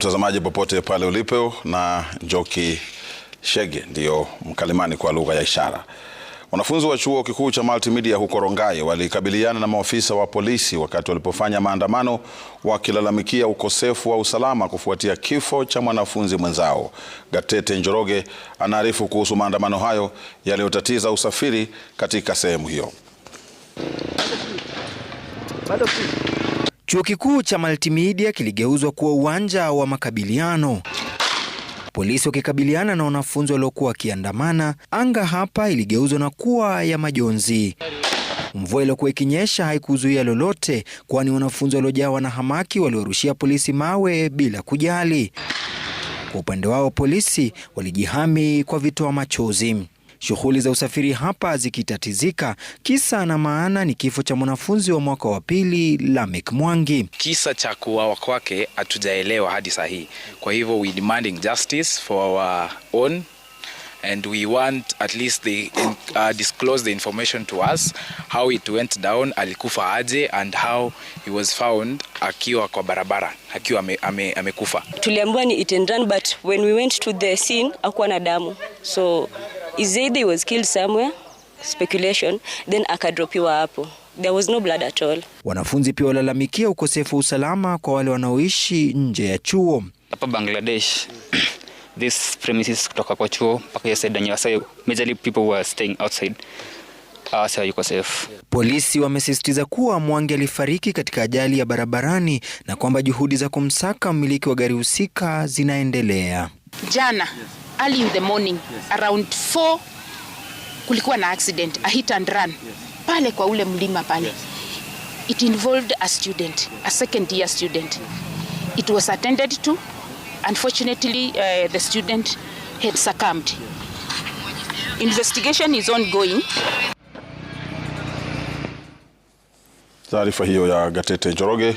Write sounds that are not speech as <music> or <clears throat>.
Mtazamaji popote pale ulipo, na Njoki Shege ndiyo mkalimani kwa lugha ya ishara. Wanafunzi wa chuo kikuu cha Multimedia huko Rongai walikabiliana na maofisa wa polisi wakati walipofanya maandamano wakilalamikia ukosefu wa usalama kufuatia kifo cha mwanafunzi mwenzao. Gatete Njoroge anaarifu kuhusu maandamano hayo yaliyotatiza usafiri katika sehemu hiyo. Chuo kikuu cha Multimedia kiligeuzwa kuwa uwanja wa makabiliano, polisi wakikabiliana na wanafunzi waliokuwa wakiandamana. Anga hapa iligeuzwa na kuwa ya majonzi. Mvua iliyokuwa ikinyesha haikuzuia lolote, kwani wanafunzi waliojawa na hamaki waliorushia polisi mawe bila kujali. Kwa upande wao, polisi walijihami kwa vitoa machozi shughuli za usafiri hapa zikitatizika. Kisa na maana ni kifo cha mwanafunzi wa mwaka wa pili Lamek Mwangi. Kisa cha kuwawa kwake hatujaelewa hadi saa hii, kwa hivyo we demanding justice for our own and we want at least they uh, disclose the information to us how it went down, alikufa aje and how he was found akiwa kwa barabara akiwa ame, amekufa. Tuliambiwa ni it and run but when we went to the scene akuwa na damu so Is either he was killed somewhere, speculation, then akadropiwa hapo. There was no blood at all. Wanafunzi pia walalamikia ukosefu wa usalama kwa wale wanaoishi nje ya chuo. Hapa Bangladesh, <clears throat> this premises kutoka kwa chuo mpaka hiyo side yenyewe sasa, majorly people were staying outside. Ah, Polisi wamesisitiza kuwa Mwangi alifariki katika ajali ya barabarani na kwamba juhudi za kumsaka mmiliki wa gari husika zinaendelea. Jana yes early in the morning yes. around 4 kulikuwa na accident yes. a hit and run yes. pale kwa ule mlima pale yes. it involved a student a second year student yes. it was attended to unfortunately uh, the student had succumbed yes. investigation is ongoing Taarifa hiyo ya Gatete Njoroge